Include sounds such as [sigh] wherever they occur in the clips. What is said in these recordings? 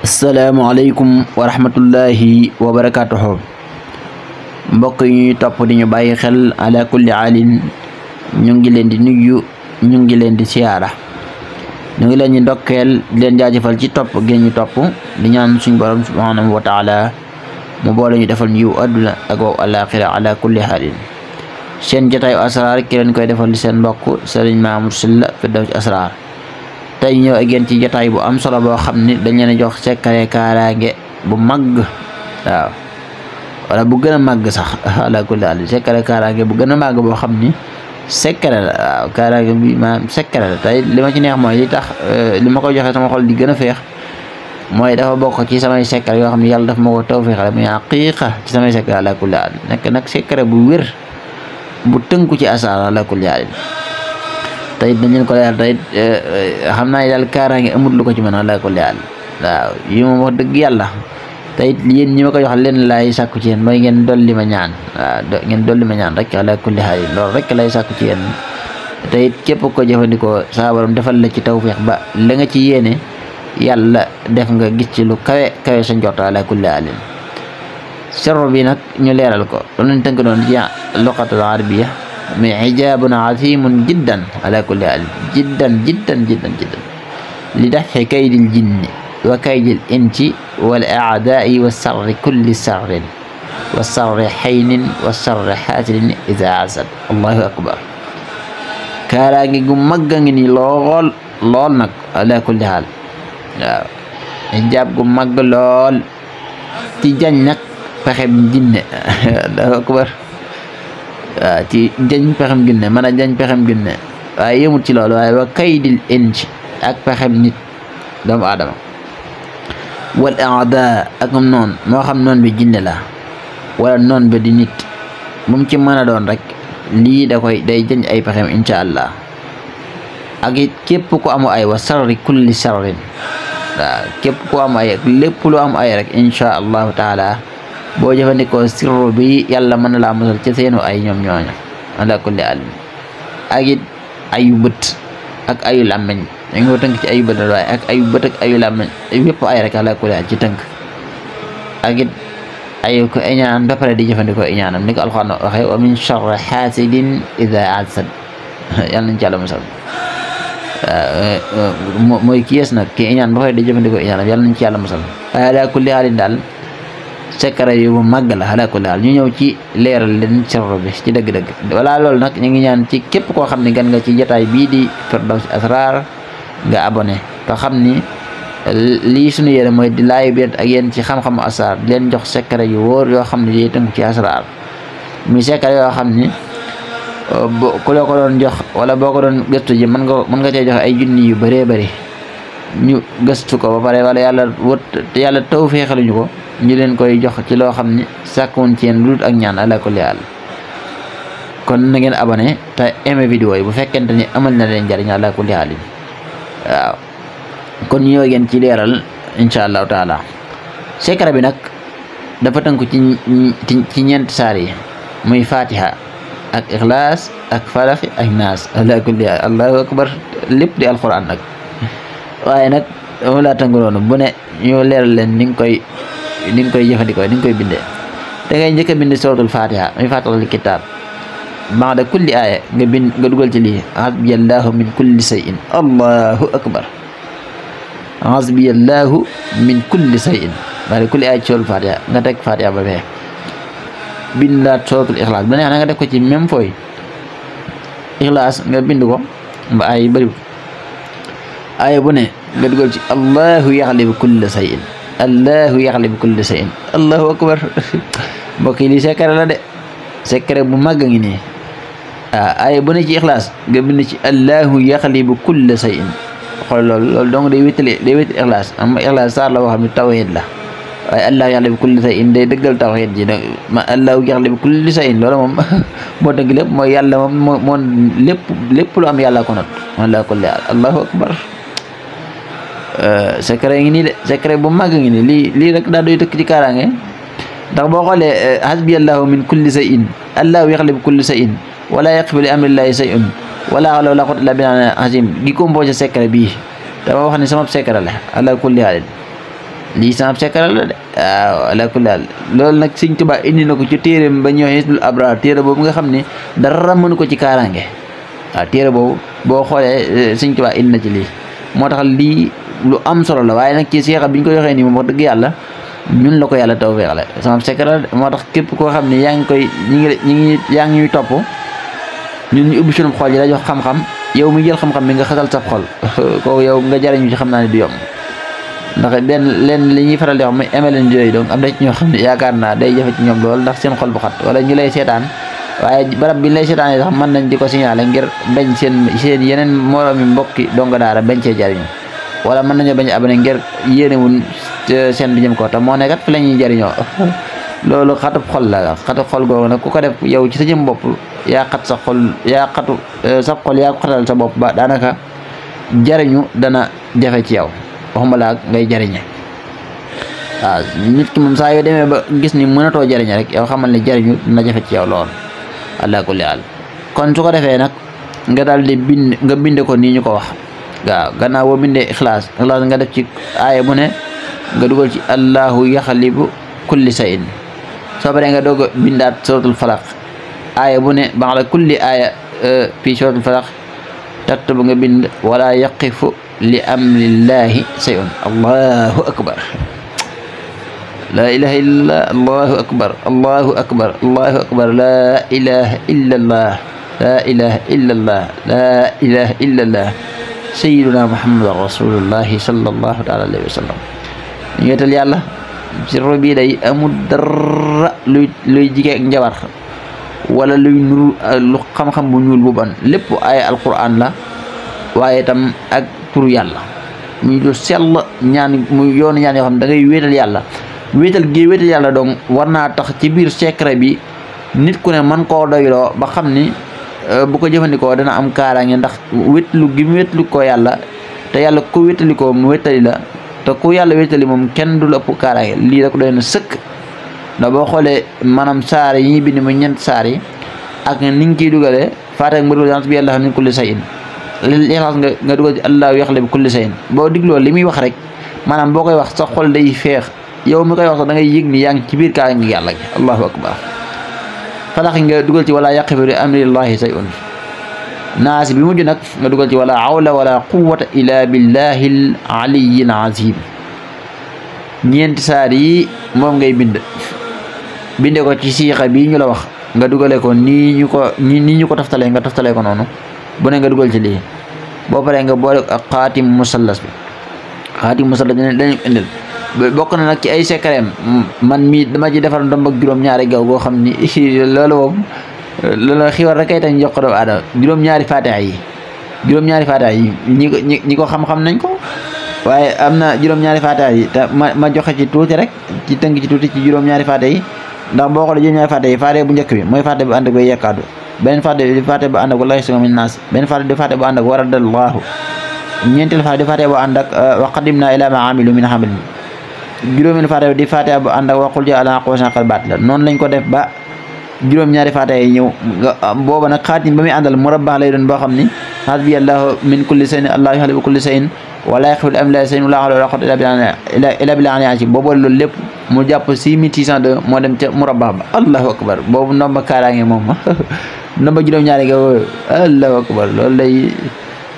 asalaamaaleykum wa rahmatullahi wa barakaatuhu mbokk topp di ñu bàyyi xel ala kulli ñu ngi leen di nuyu ñu ngi leen di siyaara ñu ngi leen di ndokkeel di leen jaajëfal ci topp gën ñu topp di ñaan suñu borom subhaanahu wa mu boole ñu defal ñu yiw àdduna ak wow alaaxira ala kulli aalin seen jotaayu asraar ki koy defal seen mbokk Serigne Mamour Sylla ci Asraar tey ñëw ak yéen ci jotaay bu am solo boo xam ni dañ leen jox sekkare kaaraange bu màgg waaw wala bu gën a màgg sax [laughs] ala kulli àll sekkare kaaraange bu gën a màgg boo xam ni sekkare la waaw kaaraange bi maanaam tey li ma ci neex mooy li tax euh, li ma koy joxee sama xol di gën a feex mooy dafa bokk ci samay sekkare yoo xam ne yàlla dafa ma ko tawfiixale muy aqiiqa ci samay sekkare ala kulli àll nekk nag bu wér bu tënku ci asaar ala te it dañ ko leeral te it eh, xam naa ne daal kaaraange amut lu ko ci mën wala ko leeral waaw yi moom wax dëgg yàlla te it yéen ñi ma koy wax leen laay sàkku ci mooy ngeen dolli ma ñaan waaw ngeen dolli ma ñaan rek wala kulli xaal loolu rek lay sàkku ci yéen te it képp ko jëfandikoo saa defal la ci taw tawféex ba la ci yéene yàlla def nga gis ci lu kawe kawe sa njort wala kulli xaalin serro bi nag ñu leeral ko loolu lañ tënk doon ci loqatul arabiya حجاب عظيم جدا على كل حال جدا جدا جدا جدا لدفع كيد الجن وكيد الانت والاعداء والسر كل سر والسر حين والسر حاتل اذا عزل الله اكبر كاراجي جمجني لول لول نك على كل حال حجاب نعم. جمج لول تجنك فخم جن [laughs] الله اكبر waaw ci jañ pexem ginne mën a jañ pexem ginne waaye yëmut ci loolu waaye wa kaydil insi ak pexem nit doomu aadama wal aada ak am noon moo xam noon bi jinne la wala noon ba di nit moom ci mën a doon rek lii da koy day jañ ay pexem incha allah ak it képp ku amu ay wa sarri kulli sarrin waaw képp ku am ay lépp lu am ay rek incha allahu taala boo jëfandikoo sirru bi yàlla mën na laa musal ci seenu ay ñoom ñooñu ala kulli almi ak it ayu bët ak ayu làmmeñ tënk ci ayu bët waaye ak ayu bët ak yëpp ay rek ala kulli al ci tënk ak it ay iñaan ba pare di jëfandikoo iñaanam ni ko alxuraan waxee wa min charri xaasidin ida hasad [laughs] yàlla ci yàlla musal mooy ki nag ki iñaan ba pare di jëfandikoo iñaanam yàlla nañ ci yàlla musal ala kulli halin daal secret yu bu màgg la ala daal ñu ñëw ci leeral leen sirru bi ci dëgg-dëgg wala loolu nag ñu ngi ñaan ci képp koo xam ne gan nga ci jataay bii di Firdawsi Asrar nga abone te xam ni lii sunu yéene mooy di laayu biir ak yéen ci xam-xamu asrar leen jox secret yu wóor yoo xam ne day tënk ci asrar muy secret yoo xam ni boo ko doon jox wala boo ko doon gëstu ji mën nga mën nga cee joxe ay junni yu bëree bëri ñu gëstu ko ba pare wala yàlla wët yàlla taw ko ñu koy jox ci loo xam ni sàkkoon ci yéen lu dul ak ñaan ala kulli àll kon na ngeen abonné te aimé vidéo yi bu fekkente ni amal na leen njariñ ala kulli àll waaw kon ñoo ngeen ci leeral incha allahu taala secret bi nag dafa tënku ci ci ñeent saar yi muy fatiha ak ixlaas ak falaxi ak naas ala kulli àll allahu lépp di alquran nag waaye nag moom laa tënku bu ne ñu leeral leen ni koy ni koy jëfandikoo ni koy binde da ngay njëkk a bind suratul fatiha muy fàttali kitaab ba'da kulli aaya nga bind nga dugal ci lii hasbiyallahu min kulli shay'in allahu akbar hasbiyallahu min kulli shay'in ba'da kulli aaya ci suratul fatiha nga teg fatiha ba bee bindaat suratul ixlaas bu neex na nga def ko ci même fooy ixlaas nga bind ko ba aay yu bëriwul aaya bu ne nga dugal ci allahu yaxlibu kulla shay'in allahu yaxlibu kulli shay'in allahu akbar mbokk yi lii secret la de secret bu màgg a ngi nii ah ay bu ne ci ixlaas nga bind ci allahu yaxlibu kulli shay'in xool loolu loolu donc day wéttali day wéttali ixlaas am ixlaas saar la boo xam ne tawhid la waaye allahu yaxlibu kulli shay'in day dëggal tawhid ji donc ma allahu yaxlibu kulli shay'in loolu moom [laughs] moo tënk lépp mooy yàlla moom moo moon lépp lépp lu am yàlla ko not allahu akbar ah, secret ngi nii de secret bu mag ngi ni lii lii rek daa doy tëkk ci kaaraange ndax boo xoolee eh, hasbi allahu min kulli shay'in allahu yaxlib kulli shay'in wala yaqbi li amrillahi shay'un wala hawla wala quwwata illa billahi azim gi composé secret bii dama wax ni sama secret la ala kulli haal lii sama secret la de waaw ala loolu nag Sëñ Tuubaa indi na ko ci téereem ba ñëw Hisnul Abraar téere boobu nga xam ne dara mënu ko ci kaaraange waaw téere boobu boo xoolee eh, Sëñ Tuubaa indi na ci lii moo tax lii lu am solo la waaye nag ci seexa bi ñu ko joxee nii moom wax dëgg yàlla ñun la ko yàlla taw feex la sama secret moo tax képp koo xam ne yaa ngi koy ñi ngi ñi ngi yaa ngi ñuy topp ñu ubbi sunu xol yi la jox xam yow mi jël xam bi nga xasal sab xol [laughs] yow nga jariñu ci xam naa ne du yomb ndax benn leen li ñuy faral di wax muy mln yooyu donc am na ci ñoo xam ne yaakaar naa day jafe ci ñoom lool ndax seen xol bu xat wala ñu lay seetaan waaye barab bi ñu lay seetaanee sax mën nañ di ko signaler ngir bañ seen seen yeneen moroomi mbokki donga daara bañ cee jariñu wala mën nañoo ba a abonné ngir yéenewun seen bi jëm ko te moo ne kat fi la [laughs] loolu xatub xol la xatub xol googu nag ku ko def yow ci sa bopp yaa xat sa xatu eh, sa xol yaa ko sa bopp ba daanaka jariñu dana jafe ci yow waxuma laa ngay jariñe waaw nit ki moom saa yoo demee ba gis ni mënatoo jariñ rek yow xamal ne jariñu dana jafe ci yow lool allah kulli al kon su ko defee nag nga dal di bind nga bind ko nii ñu ko wax waaw gannaaw boo bindee ixlaas ixlaas nga def ci aaya mu ne nga dugal ci allahu yaxalibu kulli sayin soo paree nga doog a bindaat suratul falaq aaya bu ne ba'da kulli aaya fii suratul falaq tatta nga bind wala yaqifu li amrillahi sayun allahu akbar la ilaha illa allahu akbar allahu akbar allahu akbar la ilaha illa allah la ilaha illa allah la ilaha illa allah sayyiduna muhammad rasulullahi sallallahu taala alayhi wa sallam ñu wetal yàlla sirru bii day amul dara luy luy jigee ak njabar wala luy nuru lu xam-xam bu ñuul bu ban lépp ay alquran la waaye tam ak turu yàlla mu lu sell ñaan muy ñaan yoo xam da ngay yàlla wéetal gi wéetal yàlla donc war naa tax ci biir secret bi nit ku ne mën koo doyloo ba xam ni Euh, bu ko jëfandikoo dana am kaaraange ndax wétlu gi mu wétlu ko yàlla te yàlla ku wétali ko mu wétali la te ku yàlla wétali moom kenn du la ëpp kaaraange lii rek doy na sëkk ndax boo xoolee maanaam saar yi ñuy bind mu ñeent saar yi ak ni nga ciy dugalee faataak mbëri dance bi yàlla xam ne kulli say in lixlaas nga nga dugal ci allahu yaxle bi kulli say in boo digloo li muy wax rek maanaam boo koy wax sa xol day feex yow mi koy wax sax da ngay yëg ni yaa ci biir kaaraange yàlla gi allahu akbar falax yi nga dugal ci wala yaqifu li amrillahi sayun naasi bi mujj nag nga dugal ci wala hawla wala quwwata illa billahi al aliyil azim ñeenti saar yi moom ngay bind binde ko ci siixa bii ñu la wax nga dugale ko nii ñu ko nii ñu ko taftalee nga taftalee ko noonu bone nga dugal ci lii boo paree nga boole ak xaatim musallas bi xaatim musallas dañ indil bokk na nak ci ay secret man mi dama ci ndom ak juroom ñaari gaw go xamni lolu mom moom loolu xiwar rek ay tan jox ko do aadama juroom ñaari fatiha yi juroom ñaari fatiha yi ñi ko xam-xam nañ ko waye amna juroom ñaari fatiha yi ta ma joxe ci tuti rek ci teng ci tuti ci juroom ñaari fatiha yi ndax boko la juroom ñaari fatiha yi fatiha bu ñëk bi moy fatiha bu and ak yakadu ben fatiha bi fatiha bu and ak wallaahi suma min naas ben fatiha bi fatiha bu and ak waradallahu ñentel fatiha di fatiha bu and ak wa qadimna ila ma amilu min hamil juróomeelu faatiha di faatiha bu ànd ak waqul ja àla baat la noonu lañ ko def ba juróom-ñaari faatiha yi ñëw booba na xaatim ba muy àndal murabba lay doon boo xam ni hasbi allahu min kulli sayin allahu yaxlibu kulli sayin wala yaxfil am la sayin wala xawla wala quwwata illa billah ci booba loolu lépp mu jàpp 6602 moo dem ca murabba ba allahu akbar boobu ndomba kaaraange moom [laughs] ndomba juróom-ñaari ga wooyu allahu akbar loolu lay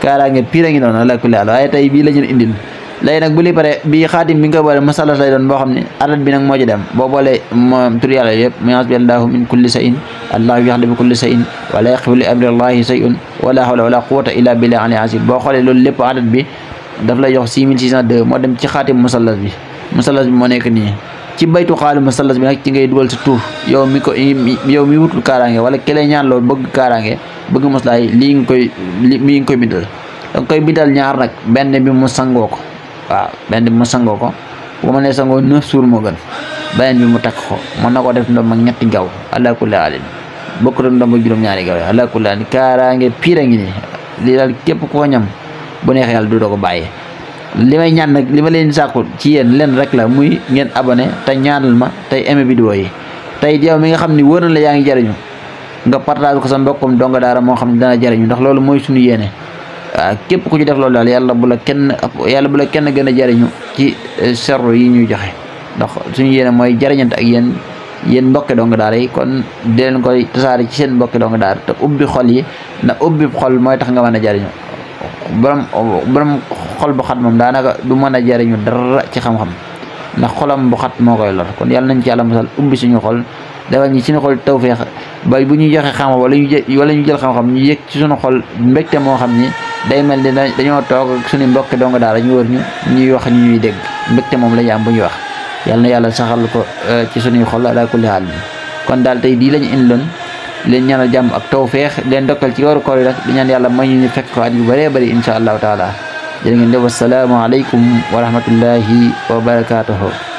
kaaraange pire ngi noonu ala bii la ñu léegi nag bu li pare bi xaatim bi nga ko boo xam ne adat bi nag moo ci dem boo boolee tur yàlla yëpp mu yasbi allahu min kulli shay'in allahu yaxdi bi kulli shay'in wala yaxfi li amri allahi shay'un wala hawla wala quwwata illa billah ali asib boo xoolee loolu lépp adat bi daf lay jox 6602 moo dem ci xaatim musallas bi musallas bi moo nekk nii ci baytu xaalu musallas bi nag ci ngay dugal sa tuur yow mi ko yow mi wutul kaaraange wala kelee ñaan loolu bëgg kaaraange bëgg moslaay lii nga koy mi ngi koy bindal danga koy bindal ñaar nag benn bi mu sangoo ko waaw benn bi mu sangoo ko bu ma nee sangoo neuf jours moo gën beneen bi mu takk ko mën na ko def ndoom ak ñetti gaw allah kulli alin bokk doon ndoom ak juróom-ñaari gaw yi allah kulli alin kaaraange pire ngi nii lii daal képp koo ñam bu neex yàlla du doo ko bàyyi li may ñaan nag li ma leen sàkku ci yéen leen rek la muy ngeen abonné te ñaanal ma tey aimé vidéo yi tey yow mi nga xam ni wóor na la yaa ngi jariñu nga partage ko sa mbokkum donga daara moo xam ne dana jariñu ndax loolu mooy suñu yéene képp ku ci def loolu daal yàlla bu la kenn yàlla bu la a jariñu ci eh, serro yi ñuy joxe ndax suñu yéene mooy jariñante ak yéen yéen mbokki dong daara yi kon di leen koy tasaare ci seen mbokki dong daara te ubbi xol yi na ubbi xol mooy tax nga mën a jariñu borom borom xol a jariñu dara ci xam-xam ndax xolam bu xat moo koy lor kon yàlla nañ ci yàlla musal ubbi suñu xol defal ñi suñu xol tawféex ba bu ñuy joxe xam-xam wala ñu jël wala ñu jël xam-xam ñu yëg ci suñu xol mbégte moo xam ni day mel ni dañoo toog suñu mbokki dong daal ñu wër ñu ñuy wax ñu ñuy dégg mbégte moom la am bu ñuy wax yàlla na yàlla saxal ko euh, ci suñuy xol ala kulli haal bi kon daal tey dii lañu indiloon leen ñaanal jàmm ak tawféex leen dokkal ci waru koor yi rek di ñaan yàlla may ñu fekk ko at yu bëree bëri insha allahu taala jërë ngeen def wasalaamu aleykum wa rahmatullahi wa barakatuhu